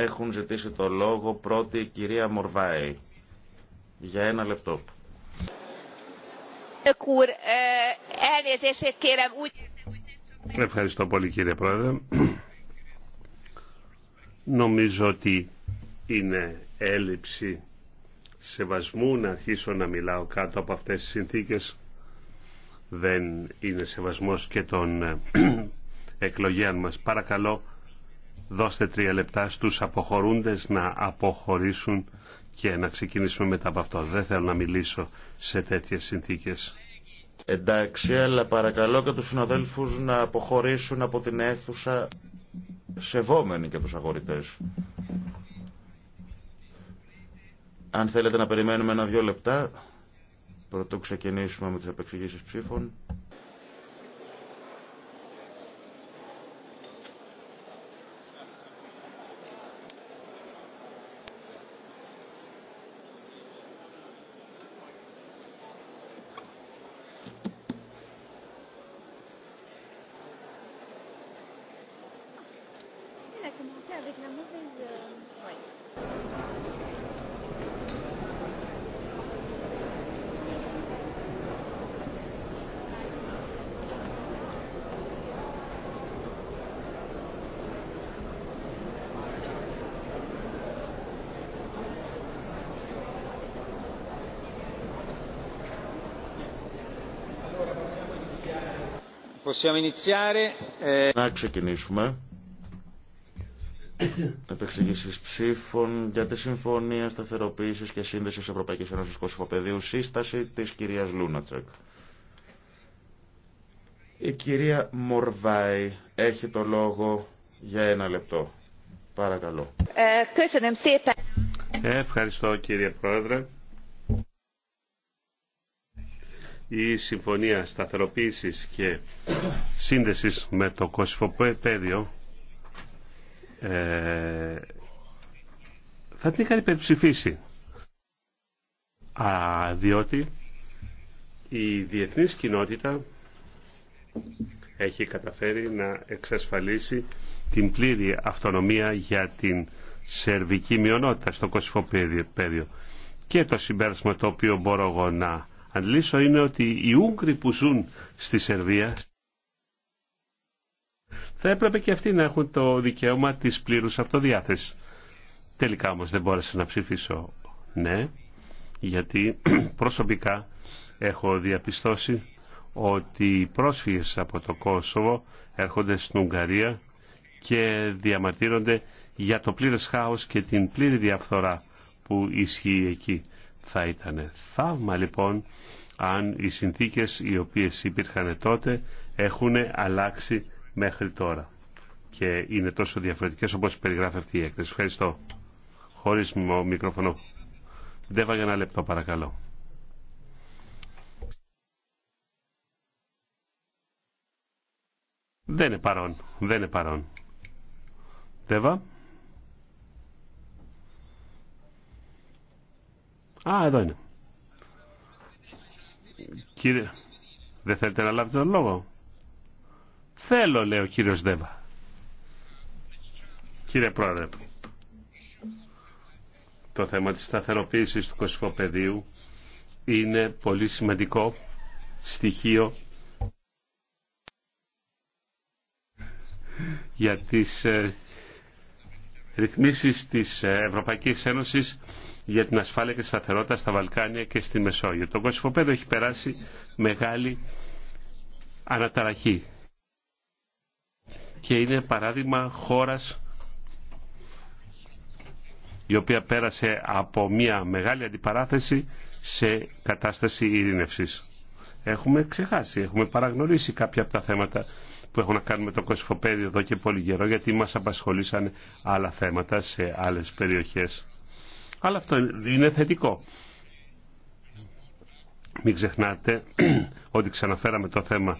Έχουν ζητήσει το λόγο πρώτη η κυρία Μορβάη. Για ένα λεπτό. Ευχαριστώ πολύ κύριε Πρόεδρε. Νομίζω ότι είναι έλλειψη σεβασμού να αρχίσω να μιλάω κάτω από αυτές τις συνθήκες. Δεν είναι σεβασμός και των ε, εκλογέων μας. Παρακαλώ δώστε τρία λεπτά στους αποχωρούντες να αποχωρήσουν και να ξεκινήσουμε μετά από αυτό. Δεν θέλω να μιλήσω σε τέτοιες συνθήκες. Εντάξει, αλλά παρακαλώ και τους συναδέλφους να αποχωρήσουν από την αίθουσα σεβόμενοι και τους αγορητές. Αν θέλετε να περιμένουμε ένα-δυο λεπτά, πρωτού ξεκινήσουμε με τις επεξηγήσεις ψήφων. Eh. Να ξεκινήσουμε. Επεξηγήσει ψήφων για τη Συμφωνία Σταθεροποίηση και Σύνδεση Ευρωπαϊκή Ένωση Κωσυφοπεδίου, σύσταση τη κυρία Λούνατσεκ. Η κυρία Μορβάη έχει το λόγο για ένα λεπτό. Παρακαλώ. Ε, ε, ευχαριστώ κύριε Πρόεδρε. η Συμφωνία Σταθεροποίησης και Σύνδεσης με το Κωσφοπέδιο ε, θα την είχαν υπερψηφίσει. Α, διότι η διεθνής κοινότητα έχει καταφέρει να εξασφαλίσει την πλήρη αυτονομία για την σερβική μειονότητα στο Κωσφοπέδιο Και το συμπέρασμα το οποίο μπορώ εγώ να αντλήσω είναι ότι οι Ούγγροι που ζουν στη Σερβία θα έπρεπε και αυτοί να έχουν το δικαίωμα της πλήρους αυτοδιάθεσης. Τελικά όμως δεν μπόρεσα να ψηφίσω ναι, γιατί προσωπικά έχω διαπιστώσει ότι οι πρόσφυγες από το Κόσοβο έρχονται στην Ουγγαρία και διαμαρτύρονται για το πλήρες χάος και την πλήρη διαφθορά που ισχύει εκεί. Θα ήταν θαύμα λοιπόν αν οι συνθήκες οι οποίες υπήρχαν τότε έχουν αλλάξει μέχρι τώρα και είναι τόσο διαφορετικές όπως περιγράφει αυτή η έκθεση. Ευχαριστώ. Χωρίς μικρόφωνο. Δεν για ένα λεπτό παρακαλώ. Δεν είναι παρόν. Δεν είναι παρόν. Ντέβα. Α, εδώ είναι. Κύριε, δεν θέλετε να λάβετε τον λόγο. Θέλω, λέει ο κύριος Δέβα. Κύριε Πρόεδρε, το θέμα της σταθεροποίησης του κοσφοπεδίου είναι πολύ σημαντικό στοιχείο για τις ε, ρυθμίσεις της Ευρωπαϊκής Ένωσης για την ασφάλεια και σταθερότητα στα Βαλκάνια και στη Μεσόγειο. Το Κωσυφοπέδο έχει περάσει μεγάλη αναταραχή και είναι παράδειγμα χώρας η οποία πέρασε από μια μεγάλη αντιπαράθεση σε κατάσταση ειρήνευσης. Έχουμε ξεχάσει, έχουμε παραγνωρίσει κάποια από τα θέματα που έχουν να κάνουν με το κοσφοπέδιο εδώ και πολύ καιρό γιατί μας απασχολήσαν άλλα θέματα σε άλλες περιοχές. Αλλά αυτό είναι θετικό. Μην ξεχνάτε ότι ξαναφέραμε το θέμα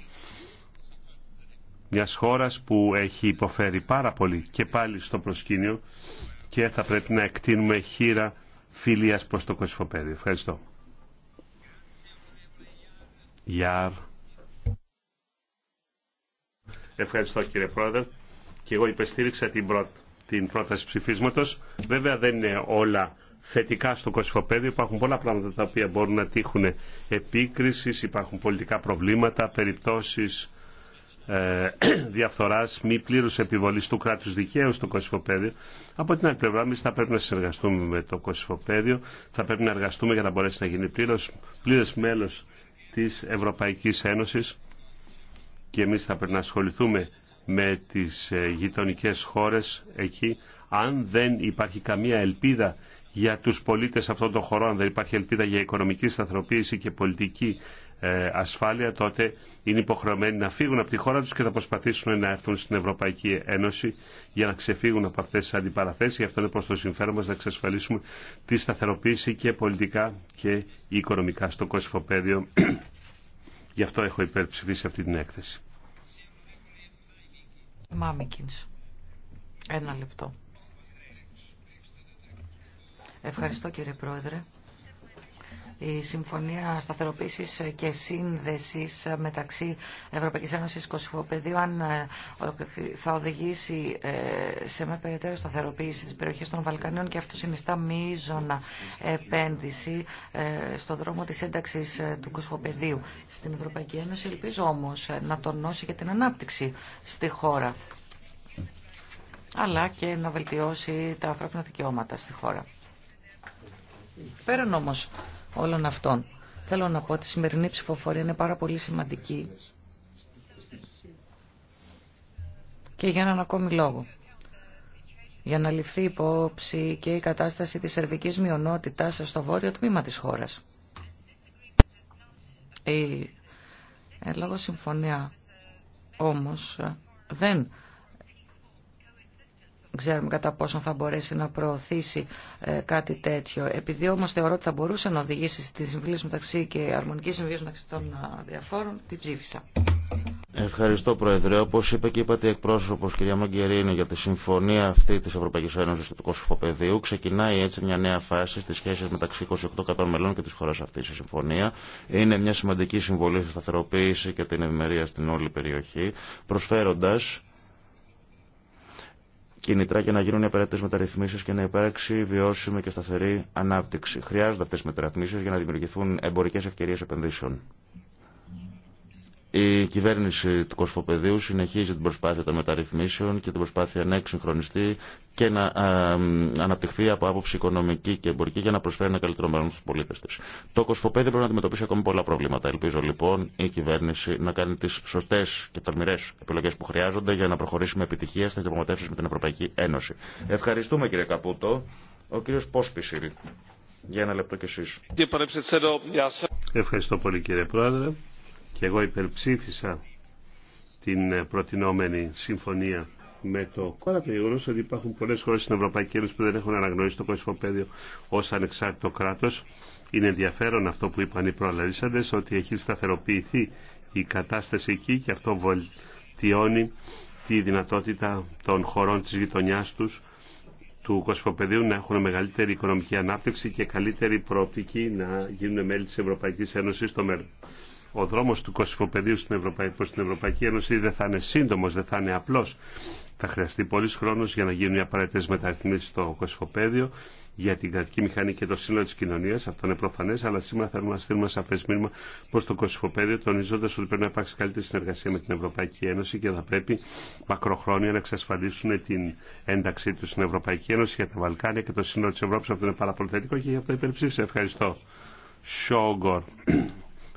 μιας χώρας που έχει υποφέρει πάρα πολύ και πάλι στο προσκήνιο και θα πρέπει να εκτείνουμε χείρα φιλίας προς το κοσφοπέδιο. Ευχαριστώ. Ευχαριστώ κύριε Πρόεδρε. Και εγώ υπεστήριξα την, την πρόταση ψηφίσματο. Βέβαια δεν είναι όλα θετικά στο κοσφοπέδιο. Υπάρχουν πολλά πράγματα τα οποία μπορούν να τύχουν επίκριση, υπάρχουν πολιτικά προβλήματα, περιπτώσει ε, διαφθοράς, μη πλήρους επιβολής του κράτου δικαίου στο κοσφοπέδιο. Από την άλλη πλευρά, εμεί θα πρέπει να συνεργαστούμε με το κοσφοπέδιο, θα πρέπει να εργαστούμε για να μπορέσει να γίνει πλήρω μέλο τη Ευρωπαϊκή Ένωση και εμείς θα πρέπει να ασχοληθούμε με τις ε, γειτονικές χώρες εκεί. Αν δεν υπάρχει καμία ελπίδα για τους πολίτες αυτών των χωρών, αν δεν υπάρχει ελπίδα για οικονομική σταθεροποίηση και πολιτική ε, ασφάλεια, τότε είναι υποχρεωμένοι να φύγουν από τη χώρα τους και να προσπαθήσουν να έρθουν στην Ευρωπαϊκή Ένωση για να ξεφύγουν από αυτές τις αντιπαραθέσεις. Γι' αυτό είναι προς το συμφέρον μας να εξασφαλίσουμε τη σταθεροποίηση και πολιτικά και οικονομικά στο κοσυφοπαίδιο Γι' αυτό έχω υπερψηφίσει αυτή την έκθεση. Μάμικινς. Ένα λεπτό. Ευχαριστώ κύριε Πρόεδρε η Συμφωνία Σταθεροποίησης και Σύνδεσης μεταξύ Ευρωπαϊκής Ένωσης και Κωσυφοπεδίου αν ε, θα οδηγήσει ε, σε μια περαιτέρω σταθεροποίηση τη περιοχή των Βαλκανίων και αυτό συνιστά μείζωνα επένδυση ε, στον δρόμο της ένταξης του Κωσυφοπεδίου στην Ευρωπαϊκή Ένωση. Ελπίζω όμω να τονώσει και την ανάπτυξη στη χώρα αλλά και να βελτιώσει τα ανθρώπινα δικαιώματα στη χώρα. Πέραν όλων αυτών. Θέλω να πω ότι η σημερινή ψηφοφορία είναι πάρα πολύ σημαντική και για έναν ακόμη λόγο. Για να ληφθεί υπόψη και η κατάσταση της σερβικής μειονότητας στο βόρειο τμήμα της χώρας. Η ε, συμφωνία όμως ε, δεν ξέρουμε κατά πόσο θα μπορέσει να προωθήσει ε, κάτι τέτοιο. Επειδή όμω θεωρώ ότι θα μπορούσε να οδηγήσει στη συμβουλή μεταξύ και αρμονική συμβουλή μεταξύ των διαφόρων, την ψήφισα. Ευχαριστώ Πρόεδρε. Όπω είπε και είπατε εκπρόσωπο κυρία Μαγκερίνη για τη συμφωνία αυτή τη Ευρωπαϊκή Ένωση του Κωσυφοπεδίου, ξεκινάει έτσι μια νέα φάση στι σχέσει μεταξύ 28 κρατών μελών και τη χώρα αυτή. Η συμφωνία είναι μια σημαντική συμβολή στη σταθεροποίηση και την ευημερία στην όλη περιοχή, προσφέροντα κίνητρα για να γίνουν οι απαραίτητε μεταρρυθμίσει και να υπάρξει βιώσιμη και σταθερή ανάπτυξη. Χρειάζονται αυτέ οι μεταρρυθμίσει για να δημιουργηθούν εμπορικέ ευκαιρίε επενδύσεων. Η κυβέρνηση του Κοσφοπεδίου συνεχίζει την προσπάθεια των μεταρρυθμίσεων και την προσπάθεια να εξυγχρονιστεί και να αναπτυχθεί από άποψη οικονομική και εμπορική για να προσφέρει ένα καλύτερο μέλλον στου πολίτε τη. Το Κοσφοπέδιο πρέπει να αντιμετωπίσει ακόμη πολλά προβλήματα. Ελπίζω λοιπόν η κυβέρνηση να κάνει τι σωστέ και τολμηρέ επιλογέ που χρειάζονται για να προχωρήσουμε επιτυχία στι διαπραγματεύσει με την Ευρωπαϊκή Ένωση. Ευχαριστούμε κύριε Καπούτο. Ο κύριο Πόσπισιλ. Για ένα λεπτό κι εσεί. Ευχαριστώ πολύ κύριε Πρόεδρε και εγώ υπερψήφισα την ε, προτινόμενη συμφωνία με το κόμμα το γεγονό ότι υπάρχουν πολλέ χώρε στην Ευρωπαϊκή Ένωση που δεν έχουν αναγνωρίσει το κοσμοπέδιο ω ανεξάρτητο κράτο. Είναι ενδιαφέρον αυτό που είπαν οι προλαλήσαντε, ότι έχει σταθεροποιηθεί η κατάσταση εκεί και αυτό βολτιώνει τη δυνατότητα των χωρών τη γειτονιά του του κοσμοπέδιου να έχουν μεγαλύτερη οικονομική ανάπτυξη και καλύτερη προοπτική να γίνουν μέλη της Ευρωπαϊκής Ένωσης στο μέλλον ο δρόμος του κοσυφοπεδίου στην προς την Ευρωπαϊκή Ένωση δεν θα είναι σύντομος, δεν θα είναι απλός. Θα χρειαστεί πολλής χρόνος για να γίνουν οι απαραίτητες μεταρρυθμίσεις στο κοσυφοπέδιο για την κρατική μηχανή και το σύνολο τη κοινωνία. Αυτό είναι προφανέ, αλλά σήμερα θέλουμε να στείλουμε σαφέ μήνυμα προ το Κωσυφοπέδιο τονίζοντα ότι πρέπει να υπάρξει καλύτερη συνεργασία με την Ευρωπαϊκή Ένωση και θα πρέπει μακροχρόνια να εξασφαλίσουν την ένταξή του στην Ευρωπαϊκή Ένωση για τα Βαλκάνια και το σύνολο τη Ευρώπη. Αυτό είναι πάρα πολύ και αυτό υπερψήφισε. Ευχαριστώ. Σόγκορ.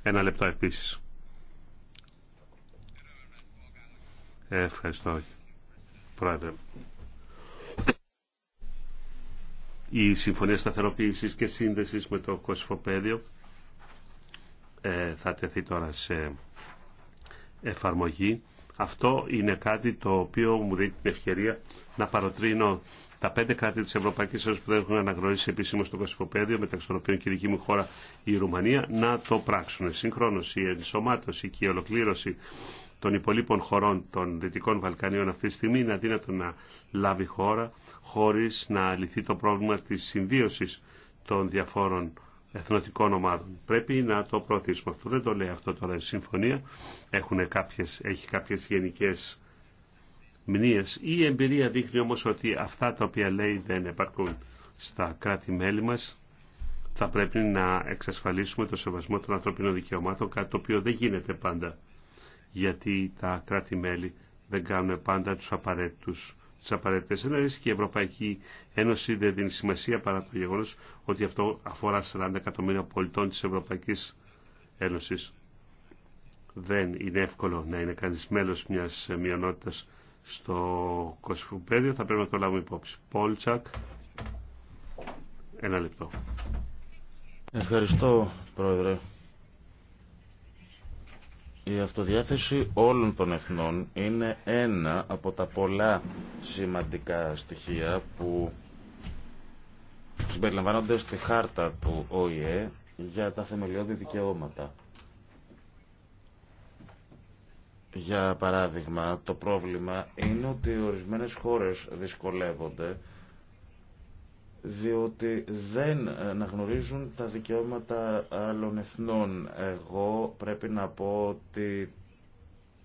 Ένα λεπτό επίσης. Ε, ευχαριστώ, Πρόεδρε. Η Συμφωνία Σταθεροποίησης και Σύνδεσης με το Κοσφοπέδιο ε, θα τεθεί τώρα σε εφαρμογή αυτό είναι κάτι το οποίο μου δίνει την ευκαιρία να παροτρύνω τα πέντε κράτη της Ευρωπαϊκής Ένωσης που δεν έχουν αναγνωρίσει επίσημα στο Κωσυφοπέδιο, μεταξύ των οποίων και η δική μου χώρα η Ρουμανία, να το πράξουν. συγχρόνως η ενσωμάτωση και η ολοκλήρωση των υπολείπων χωρών των Δυτικών Βαλκανίων αυτή τη στιγμή είναι αδύνατο να λάβει χώρα χωρίς να λυθεί το πρόβλημα της συνδύωσης των διαφόρων εθνοτικών ομάδων. Πρέπει να το προωθήσουμε αυτό. Δεν το λέει αυτό τώρα η συμφωνία. Έχουν κάποιες, έχει κάποιες γενικές μνήες. Η εμπειρία δείχνει όμως ότι αυτά τα οποία λέει δεν επαρκούν στα κράτη-μέλη μας. Θα πρέπει να εξασφαλίσουμε το σεβασμό των ανθρωπίνων δικαιωμάτων, κάτι το οποίο δεν γίνεται πάντα, γιατί τα κράτη-μέλη δεν κάνουν πάντα τους απαραίτητους τι απαραίτητε ενέργειε και η Ευρωπαϊκή Ένωση δεν δίνει σημασία παρά το γεγονό ότι αυτό αφορά 40 εκατομμύρια πολιτών τη Ευρωπαϊκή Ένωση. Δεν είναι εύκολο να είναι κανεί μέλο μια μειονότητα στο κοσφουπέδιο. Θα πρέπει να το λάβουμε υπόψη. Πόλτσακ, ένα λεπτό. Ευχαριστώ, Πρόεδρε. Η αυτοδιάθεση όλων των εθνών είναι ένα από τα πολλά σημαντικά στοιχεία που συμπεριλαμβάνονται στη χάρτα του ΟΗΕ για τα θεμελιώδη δικαιώματα. Για παράδειγμα, το πρόβλημα είναι ότι ορισμένες χώρες δυσκολεύονται διότι δεν αναγνωρίζουν τα δικαιώματα άλλων εθνών. Εγώ πρέπει να πω ότι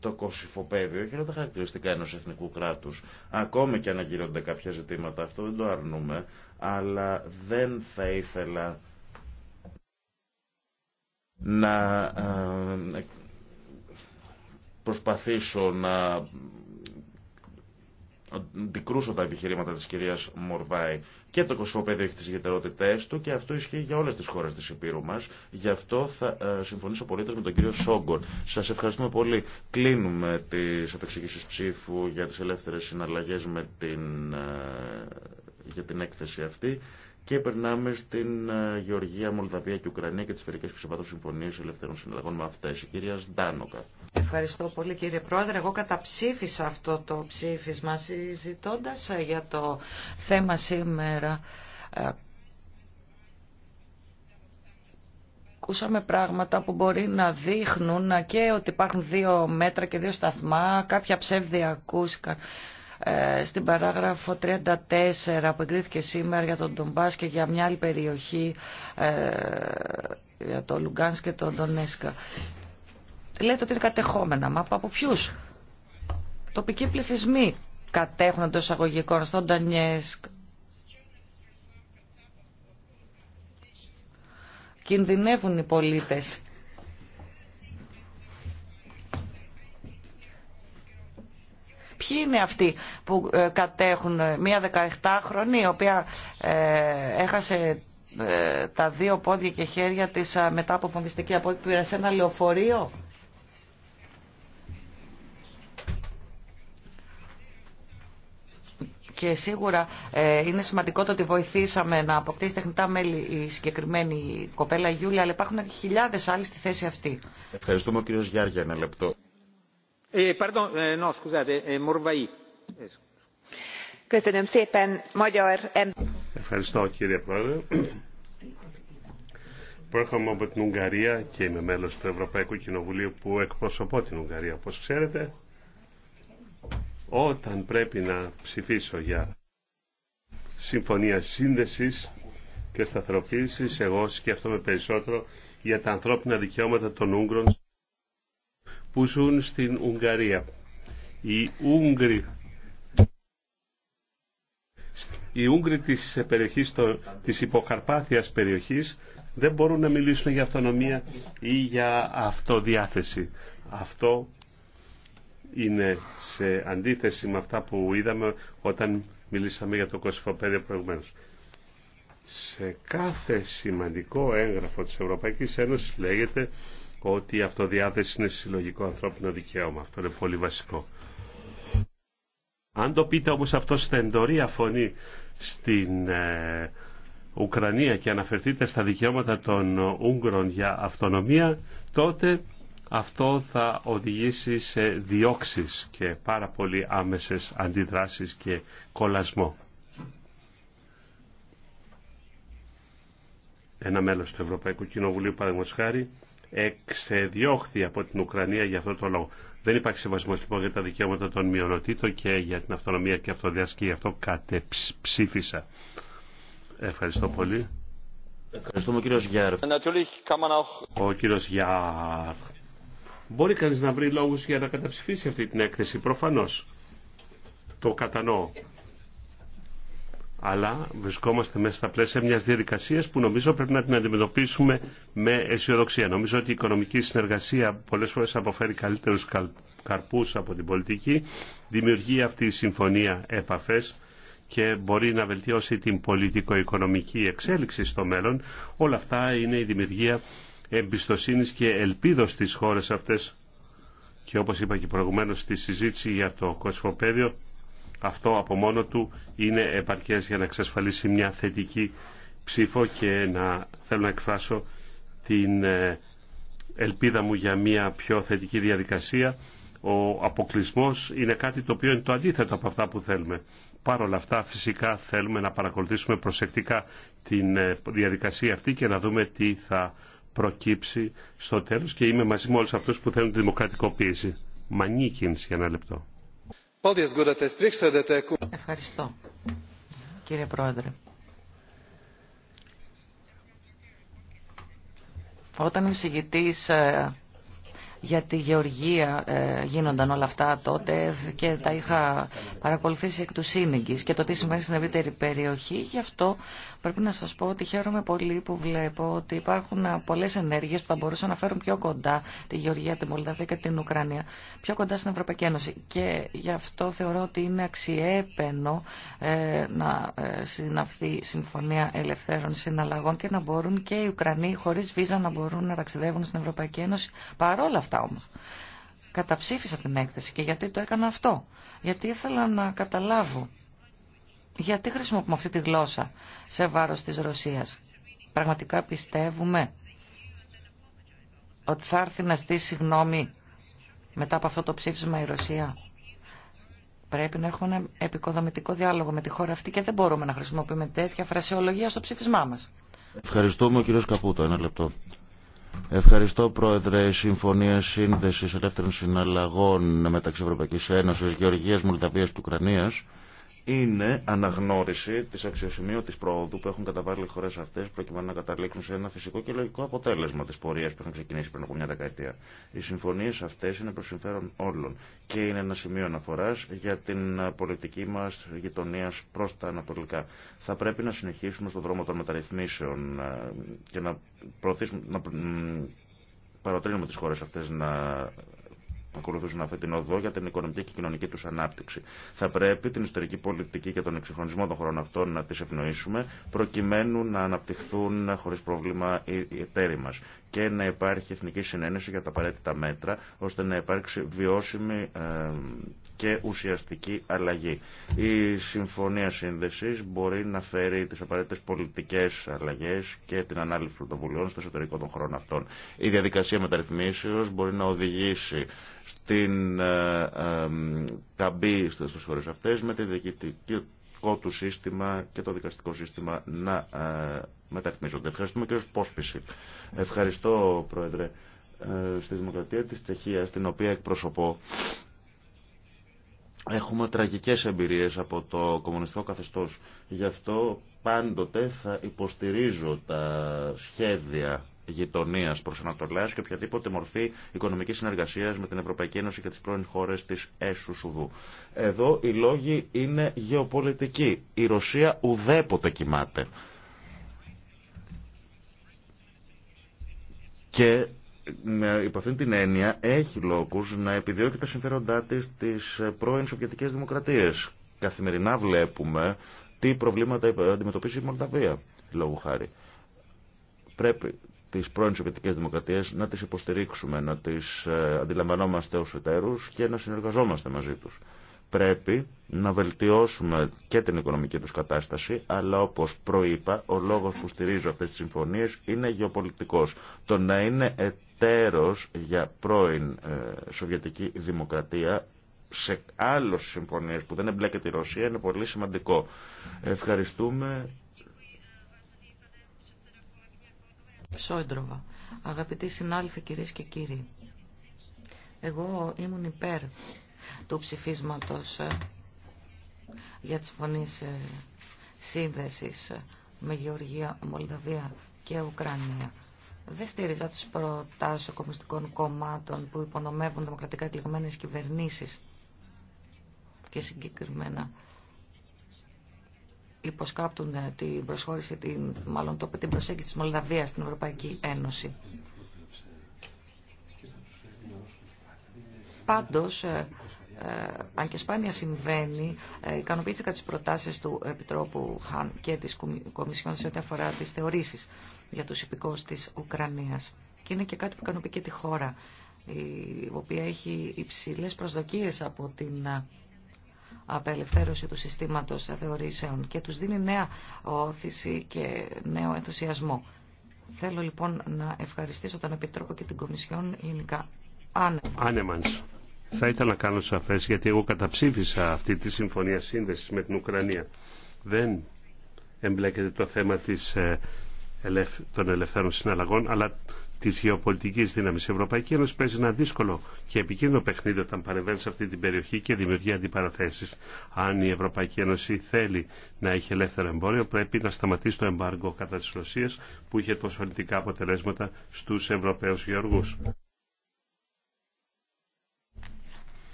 το κοσυφοπέδιο έχει όλα τα χαρακτηριστικά ενός εθνικού κράτους. Ακόμη και αναγυρώνται κάποια ζητήματα, αυτό δεν το αρνούμε, αλλά δεν θα ήθελα να ε, προσπαθήσω να αντικρούσω τα επιχειρήματα της κυρίας Μορβάη. Και το κοσμοπέδιο έχει τις ιδιαιτερότητές του και αυτό ισχύει για όλες τις χώρες της Επίρου μας. Γι' αυτό θα ε, συμφωνήσω πολύ με τον κύριο Σόγκορ. Σας ευχαριστούμε πολύ. Κλείνουμε τις απεξηγήσεις ψήφου για τις ελεύθερες συναλλαγές με την, ε, για την έκθεση αυτή. Και περνάμε στην ε, Γεωργία, Μολδαβία και Ουκρανία και τι Φερικέ Ξεπατού Συμφωνίε Ελευθερών Συναλλαγών με αυτέ. Η κυρία Ντάνοκα. Ευχαριστώ πολύ κύριε Πρόεδρε. Εγώ καταψήφισα αυτό το ψήφισμα συζητώντα ε, για το θέμα σήμερα. Ε, ακούσαμε πράγματα που μπορεί να δείχνουν και ότι υπάρχουν δύο μέτρα και δύο σταθμά, κάποια ψεύδια ακούστηκαν. Ε, στην παράγραφο 34 που εγκρίθηκε σήμερα για τον Ντομπάς και για μια άλλη περιοχή ε, για το Λουγκάνς και τον Ντονέσκα. Λέτε ότι είναι κατεχόμενα, μα από ποιους. Τοπικοί πληθυσμοί κατέχουν εντό αγωγικών στον Ντανιέσκ. Κινδυνεύουν οι πολίτες Ποιοι είναι αυτοί που ε, κατέχουν μία 17χρονη η οποία ε, έχασε ε, τα δύο πόδια και χέρια της μετά από φοβιστική απόδειξη που σε ένα λεωφορείο. Και σίγουρα είναι σημαντικό το ότι βοηθήσαμε να αποκτήσει τεχνητά μέλη η συγκεκριμένη κοπέλα Γιούλια, αλλά υπάρχουν και χιλιάδες άλλοι στη θέση αυτή. Ευχαριστούμε ο κύριος Γιάρια ένα λεπτό. Ε, ε, ε, Ευχαριστώ κύριε Πρόεδρε. Προέρχομαι από την Ουγγαρία και είμαι μέλος του Ευρωπαϊκού Κοινοβουλίου που εκπροσωπώ την Ουγγαρία όπως ξέρετε. Όταν πρέπει να ψηφίσω για συμφωνία σύνδεσης και σταθεροποίησης εγώ σκέφτομαι περισσότερο για τα ανθρώπινα δικαιώματα των Ούγγρων που ζουν στην Ουγγαρία. Οι Ούγγροι οι Ούγγροι της, περιοχής, της υποκαρπάθειας περιοχής δεν μπορούν να μιλήσουν για αυτονομία ή για αυτοδιάθεση. Αυτό είναι σε αντίθεση με αυτά που είδαμε όταν μιλήσαμε για το Κωσυφοπέδιο προηγουμένως. Σε κάθε σημαντικό έγγραφο της Ευρωπαϊκής Ένωσης λέγεται ότι η αυτοδιάθεση είναι συλλογικό ανθρώπινο δικαίωμα. Αυτό είναι πολύ βασικό. Αν το πείτε όμως αυτό εντορία φωνή στην ε, Ουκρανία και αναφερθείτε στα δικαιώματα των Ούγγρων για αυτονομία, τότε αυτό θα οδηγήσει σε διώξεις και πάρα πολύ άμεσες αντιδράσεις και κολασμό. Ένα μέλος του Ευρωπαϊκού Κοινοβουλίου, παραδείγματος χάρη, εξεδιώχθη από την Ουκρανία για αυτό το λόγο. Δεν υπάρχει σεβασμός λοιπόν για τα δικαιώματα των μειονοτήτων και για την αυτονομία και αυτοδιάσκη γι' αυτό κατεψήφισα. Ευχαριστώ πολύ. Ευχαριστούμε κύριο Γιάρ. Ο κύριο Γιάρ. Μπορεί κανεί να βρει λόγου για να καταψηφίσει αυτή την έκθεση, προφανώ. Το κατανοώ αλλά βρισκόμαστε μέσα στα πλαίσια μια διαδικασία που νομίζω πρέπει να την αντιμετωπίσουμε με αισιοδοξία. Νομίζω ότι η οικονομική συνεργασία πολλέ φορέ αποφέρει καλύτερου καρπού από την πολιτική, δημιουργεί αυτή η συμφωνία επαφέ και μπορεί να βελτιώσει την πολιτικο-οικονομική εξέλιξη στο μέλλον. Όλα αυτά είναι η δημιουργία εμπιστοσύνης και ελπίδος στις χώρες αυτές. Και όπως είπα και προηγουμένως στη συζήτηση για το κοσφοπέδιο, αυτό από μόνο του είναι επαρκές για να εξασφαλίσει μια θετική ψήφο και να θέλω να εκφράσω την ε, ελπίδα μου για μια πιο θετική διαδικασία. Ο αποκλεισμό είναι κάτι το οποίο είναι το αντίθετο από αυτά που θέλουμε. Παρ' όλα αυτά φυσικά θέλουμε να παρακολουθήσουμε προσεκτικά την ε, διαδικασία αυτή και να δούμε τι θα προκύψει στο τέλος και είμαι μαζί με όλους αυτούς που θέλουν τη δημοκρατικοποίηση. Μανίκινς για ένα λεπτό. Ευχαριστώ, κύριε Πρόεδρε. Όταν ο εισηγητής ε, για τη γεωργία ε, γίνονταν όλα αυτά τότε και τα είχα παρακολουθήσει εκ του σύνεγγυς και το τι σημαίνει στην ευρύτερη περιοχή. Γι' αυτό πρέπει να σας πω ότι χαίρομαι πολύ που βλέπω ότι υπάρχουν ε, πολλές ενέργειες που θα μπορούσαν να φέρουν πιο κοντά τη Γεωργία, τη Μολδαβία και την Ουκρανία, πιο κοντά στην Ευρωπαϊκή Ένωση. Και γι' αυτό θεωρώ ότι είναι αξιέπαινο ε, να συναυθεί Συμφωνία Ελευθέρων Συναλλαγών και να μπορούν και οι Ουκρανοί χωρίς βίζα να μπορούν να ταξιδεύουν στην Ευρωπαϊκή Ένωση. Παρόλα αυτά αυτά Καταψήφισα την έκθεση και γιατί το έκανα αυτό. Γιατί ήθελα να καταλάβω γιατί χρησιμοποιούμε αυτή τη γλώσσα σε βάρος της Ρωσίας. Πραγματικά πιστεύουμε ότι θα έρθει να στήσει γνώμη μετά από αυτό το ψήφισμα η Ρωσία. Πρέπει να έχουμε ένα επικοδομητικό διάλογο με τη χώρα αυτή και δεν μπορούμε να χρησιμοποιούμε τέτοια φρασιολογία στο ψήφισμά μας. Ευχαριστώ ο κύριος Καπούτο. Ένα λεπτό. Ευχαριστώ, Πρόεδρε. Η Συμφωνία Σύνδεση Ελεύθερων Συναλλαγών μεταξύ Ευρωπαϊκή Ένωση, Γεωργία, Μολδαβία και Ουκρανία είναι αναγνώριση τη αξιοσημείωτη πρόοδου που έχουν καταβάλει οι χώρε αυτέ προκειμένου να καταλήξουν σε ένα φυσικό και λογικό αποτέλεσμα τη πορεία που έχουν ξεκινήσει πριν από μια δεκαετία. Οι συμφωνίε αυτέ είναι προ συμφέρον όλων και είναι ένα σημείο αναφορά για την πολιτική μα γειτονία προ τα ανατολικά. Θα πρέπει να συνεχίσουμε στον δρόμο των μεταρρυθμίσεων ε, και να, προωθήσουμε, να παροτρύνουμε τις χώρες αυτές να ακολουθούσαν αυτή την οδό για την οικονομική και κοινωνική του ανάπτυξη. Θα πρέπει την ιστορική πολιτική και τον εξυγχρονισμό των χωρών αυτών να τι ευνοήσουμε, προκειμένου να αναπτυχθούν χωρί πρόβλημα οι εταίροι μα και να υπάρχει εθνική συνένεση για τα απαραίτητα μέτρα ώστε να υπάρξει βιώσιμη ε, και ουσιαστική αλλαγή. Η Συμφωνία Σύνδεσης μπορεί να φέρει τις απαραίτητες πολιτικές αλλαγές και την ανάληψη πρωτοβουλειών στο εσωτερικό των χρόνων αυτών. Η διαδικασία μεταρρυθμίσεως μπορεί να οδηγήσει στην ταμπή ε, ε, στις χώρες αυτές με τη διοικητική δικαστικό του σύστημα και το δικαστικό σύστημα να ε, μεταρρυθμίζονται. Ευχαριστούμε κύριο Πόσπιση. Ευχαριστώ Πρόεδρε ε, στη Δημοκρατία της Τσεχίας, την οποία εκπροσωπώ. Έχουμε τραγικές εμπειρίες από το κομμουνιστικό καθεστώς. Γι' αυτό πάντοτε θα υποστηρίζω τα σχέδια γειτονία προ Ανατολά και οποιαδήποτε μορφή οικονομική συνεργασία με την Ευρωπαϊκή Ένωση και τι πρώην χώρε τη Έσου Εδώ οι λόγοι είναι γεωπολιτικοί. Η Ρωσία ουδέποτε κοιμάται. Και με, υπό αυτήν την έννοια έχει λόγους να επιδιώκει τα συμφέροντά της στις πρώην Σοβιετικές Δημοκρατίες. Καθημερινά βλέπουμε τι προβλήματα αντιμετωπίζει η Μολδαβία, λόγου χάρη. Πρέπει τις πρώην Σοβιετικές Δημοκρατίες, να τις υποστηρίξουμε, να τις ε, αντιλαμβανόμαστε ως εταίρους και να συνεργαζόμαστε μαζί τους. Πρέπει να βελτιώσουμε και την οικονομική τους κατάσταση, αλλά όπως προείπα, ο λόγος που στηρίζω αυτές τις συμφωνίες είναι γεωπολιτικός. Το να είναι εταίρος για πρώην ε, Σοβιετική Δημοκρατία σε άλλες συμφωνίες που δεν εμπλέκεται η Ρωσία είναι πολύ σημαντικό. Ευχαριστούμε Σόιντροβα. Αγαπητοί συνάδελφοι, κυρίες και κύριοι, εγώ ήμουν υπέρ του ψηφίσματος ε, για τις φωνές ε, σύνδεσης ε, με Γεωργία, Μολδαβία και Ουκρανία. Δεν στήριζα τις προτάσεις κομμουνιστικών κομμάτων που υπονομεύουν δημοκρατικά εκλεγμένες κυβερνήσεις και συγκεκριμένα υποσκάπτουν ε, την προσχώρηση, την, μάλλον το, την προσέγγιση της Μολδαβίας στην Ευρωπαϊκή Ένωση. Πάντως, ε, ε, αν και σπάνια συμβαίνει, ικανοποιήθηκα τις προτάσεις του Επιτρόπου Χαν και της Κομισιόν σε ό,τι αφορά τις θεωρήσεις για τους υπηκόους της Ουκρανίας. Και είναι και κάτι που ικανοποιεί και τη χώρα, η οποία έχει υψηλές προσδοκίες από την απελευθέρωση του συστήματος θεωρήσεων και τους δίνει νέα όθηση και νέο ενθουσιασμό. Θέλω λοιπόν να ευχαριστήσω τον Επιτρόπο και την Κομισιόν γενικά. Άνεμανς. Θα ήθελα να κάνω σαφές γιατί εγώ καταψήφισα αυτή τη συμφωνία σύνδεσης με την Ουκρανία. Δεν εμπλέκεται το θέμα της, ε, των ελευθέρων συναλλαγών, αλλά τη γεωπολιτική δύναμη. Η Ευρωπαϊκή Ένωση παίζει ένα δύσκολο και επικίνδυνο παιχνίδι όταν παρεμβαίνει σε αυτή την περιοχή και δημιουργεί αντιπαραθέσει. Αν η Ευρωπαϊκή Ένωση θέλει να έχει ελεύθερο εμπόριο, πρέπει να σταματήσει το εμπάργκο κατά τη Ρωσία που είχε τόσο αρνητικά αποτελέσματα στου Ευρωπαίου γεωργού.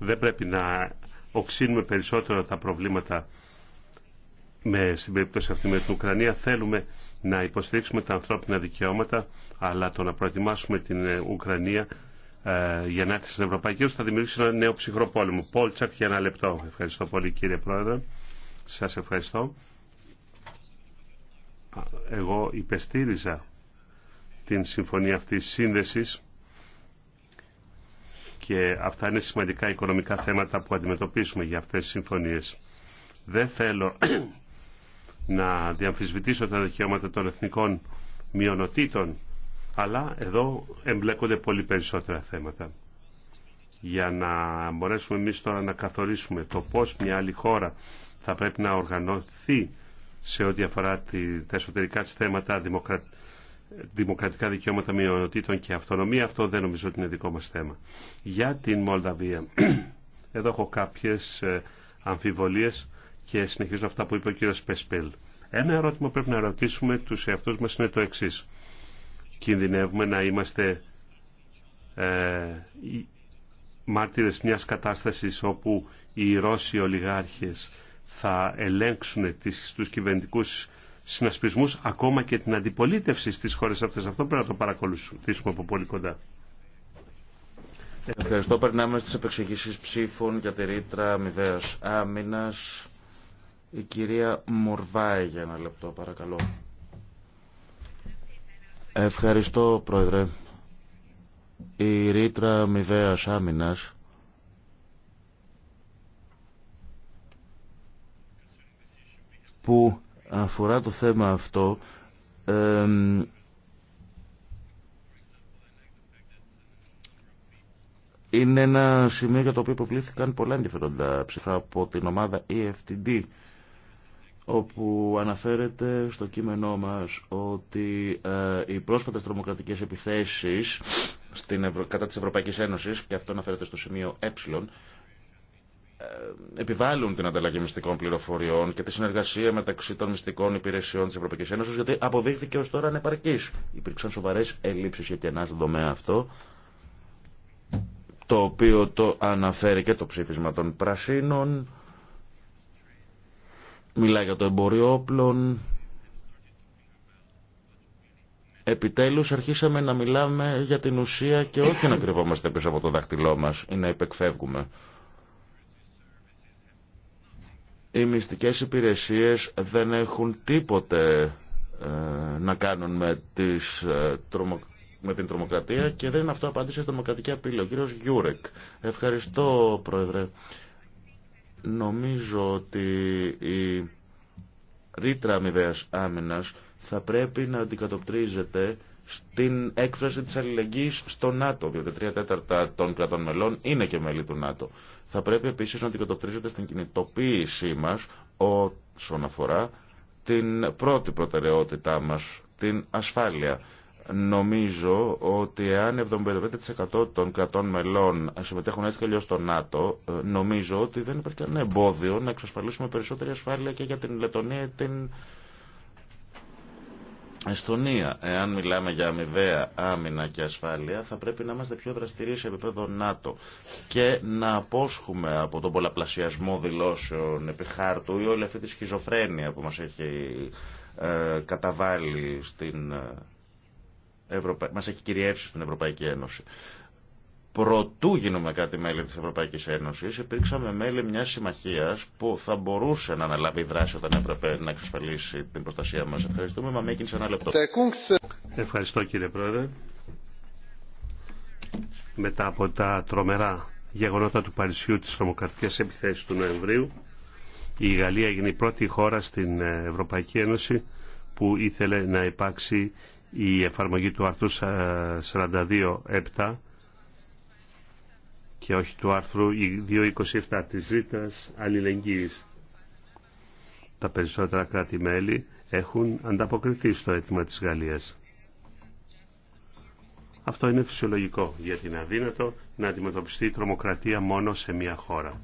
Δεν πρέπει να οξύνουμε περισσότερο τα προβλήματα με, στην περίπτωση αυτή με την Ουκρανία. Θέλουμε να υποστηρίξουμε τα ανθρώπινα δικαιώματα, αλλά το να προετοιμάσουμε την ε, Ουκρανία ε, για να έρθει στην Ευρωπαϊκή Ένωση θα δημιουργήσει ένα νέο ψυχρό πόλεμο. Πόλτσακ για ένα λεπτό. Ευχαριστώ πολύ κύριε Πρόεδρε. Σας ευχαριστώ. Εγώ υπεστήριζα την συμφωνία αυτή σύνδεσης και αυτά είναι σημαντικά οικονομικά θέματα που αντιμετωπίσουμε για αυτές τις συμφωνίες. Δεν θέλω να διαμφισβητήσω τα δικαιώματα των εθνικών μειονοτήτων, αλλά εδώ εμπλέκονται πολύ περισσότερα θέματα. Για να μπορέσουμε εμείς τώρα να καθορίσουμε το πώς μια άλλη χώρα θα πρέπει να οργανωθεί σε ό,τι αφορά τα εσωτερικά της θέματα δημοκρατικά δικαιώματα μειονοτήτων και αυτονομία, αυτό δεν νομίζω ότι είναι δικό μας θέμα. Για την Μολδαβία, εδώ έχω κάποιες ε, αμφιβολίες και συνεχίζω αυτά που είπε ο κύριος Πεσπέλ. Ένα ερώτημα πρέπει να ρωτήσουμε τους εαυτούς μας είναι το εξής. Κινδυνεύουμε να είμαστε ε, μάρτυρες μιας κατάστασης όπου οι Ρώσοι ολιγάρχες θα ελέγξουν τις, τους κυβερνητικούς συνασπισμούς ακόμα και την αντιπολίτευση στις χώρες αυτές. Αυτό πρέπει να το παρακολουθήσουμε από πολύ κοντά. Ευχαριστώ. Περνάμε στις επεξηγήσεις ψήφων για τη ρήτρα αμοιβαίας άμυνας. Η κυρία Μορβάη για ένα λεπτό παρακαλώ. Ευχαριστώ πρόεδρε. Η ρήτρα μηδέας άμυνας που αφορά το θέμα αυτό είναι ένα σημείο για το οποίο υποβλήθηκαν πολλά ενδιαφέροντα ψηφά από την ομάδα EFTD όπου αναφέρεται στο κείμενό μας ότι ε, οι πρόσφατες τρομοκρατικές επιθέσεις στην κατά της Ευρωπαϊκής Ένωσης, και αυτό αναφέρεται στο σημείο ε, ε, επιβάλλουν την ανταλλαγή μυστικών πληροφοριών και τη συνεργασία μεταξύ των μυστικών υπηρεσιών της Ευρωπαϊκής Ένωσης, γιατί αποδείχθηκε ως τώρα ανεπαρκής. Υπήρξαν σοβαρές ελλείψεις και κενά στον τομέα αυτό, το οποίο το αναφέρει και το ψήφισμα των Πρασίνων, Μιλάει για το εμπόριο όπλων. Επιτέλους αρχίσαμε να μιλάμε για την ουσία και όχι να κρυβόμαστε πίσω από το δάχτυλό μας ή να υπεκφεύγουμε. Οι μυστικές υπηρεσίες δεν έχουν τίποτε ε, να κάνουν ε, με, την τρομοκρατία και δεν είναι αυτό απάντηση στη δημοκρατική απειλή. Ο κύριος Γιούρεκ. Ευχαριστώ, Πρόεδρε. Νομίζω ότι η ρήτρα αμοιβαίας άμυνας θα πρέπει να αντικατοπτρίζεται στην έκφραση της αλληλεγγύης στο ΝΑΤΟ, διότι τρία τέταρτα των κρατών μελών είναι και μέλη του ΝΑΤΟ. Θα πρέπει επίσης να αντικατοπτρίζεται στην κινητοποίησή μας όσον αφορά την πρώτη προτεραιότητά μας, την ασφάλεια. Νομίζω ότι εάν 75% των κρατών μελών συμμετέχουν έτσι και αλλιώ στο ΝΑΤΟ, ε, νομίζω ότι δεν υπάρχει κανένα εμπόδιο να εξασφαλίσουμε περισσότερη ασφάλεια και για την Λετωνία και την Εστονία. Εάν μιλάμε για αμοιβαία άμυνα και ασφάλεια, θα πρέπει να είμαστε πιο δραστηροί σε επίπεδο ΝΑΤΟ και να απόσχουμε από τον πολλαπλασιασμό δηλώσεων επί χάρτου ή όλη αυτή τη σχιζοφρένεια που μας έχει ε, καταβάλει στην ε, Ευρωπα... μας έχει κυριεύσει στην Ευρωπαϊκή Ένωση. Προτού γίνουμε κάτι μέλη της Ευρωπαϊκής Ένωσης, υπήρξαμε μέλη μιας συμμαχίας που θα μπορούσε να αναλάβει δράση όταν έπρεπε να εξασφαλίσει την προστασία μας. Ευχαριστούμε, μα σε ένα λεπτό. Ευχαριστώ κύριε Πρόεδρε. Μετά από τα τρομερά γεγονότα του Παρισιού της τρομοκρατικές επιθέσεις του Νοεμβρίου, η Γαλλία έγινε η πρώτη χώρα στην Ευρωπαϊκή Ένωση που ήθελε να υπάρξει η εφαρμογή του άρθρου 42.7 και όχι του άρθρου 2.27 της ρήτας αλληλεγγύης. Τα περισσότερα κράτη-μέλη έχουν ανταποκριθεί στο αίτημα της Γαλλίας. Αυτό είναι φυσιολογικό, γιατί είναι αδύνατο να αντιμετωπιστεί η τρομοκρατία μόνο σε μία χώρα.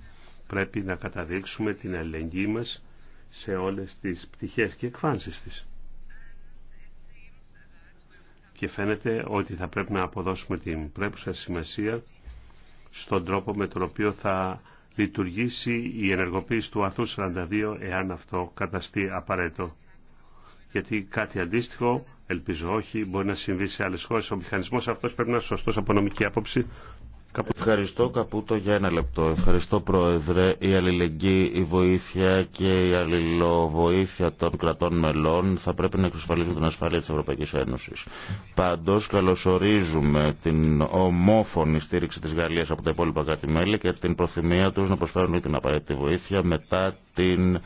Πρέπει να καταδείξουμε την αλληλεγγύη μας σε όλες τις πτυχές και εκφάνσεις της και φαίνεται ότι θα πρέπει να αποδώσουμε την πρέπουσα σημασία στον τρόπο με τον οποίο θα λειτουργήσει η ενεργοποίηση του αρθρού 42 εάν αυτό καταστεί απαραίτητο. Γιατί κάτι αντίστοιχο, ελπίζω όχι, μπορεί να συμβεί σε άλλες χώρες. Ο μηχανισμός αυτός πρέπει να είναι σωστός από νομική άποψη. Ευχαριστώ Καπούτο για ένα λεπτό. Ευχαριστώ Πρόεδρε. Η αλληλεγγύη, η βοήθεια και η αλληλοβοήθεια των κρατών μελών θα πρέπει να εξασφαλίζουν την ασφάλεια της Ευρωπαϊκής Ένωσης. Πάντως καλωσορίζουμε την ομόφωνη στήριξη της Γαλλίας από τα υπόλοιπα κράτη-μέλη και την προθυμία τους να προσφέρουν την απαραίτητη βοήθεια μετά την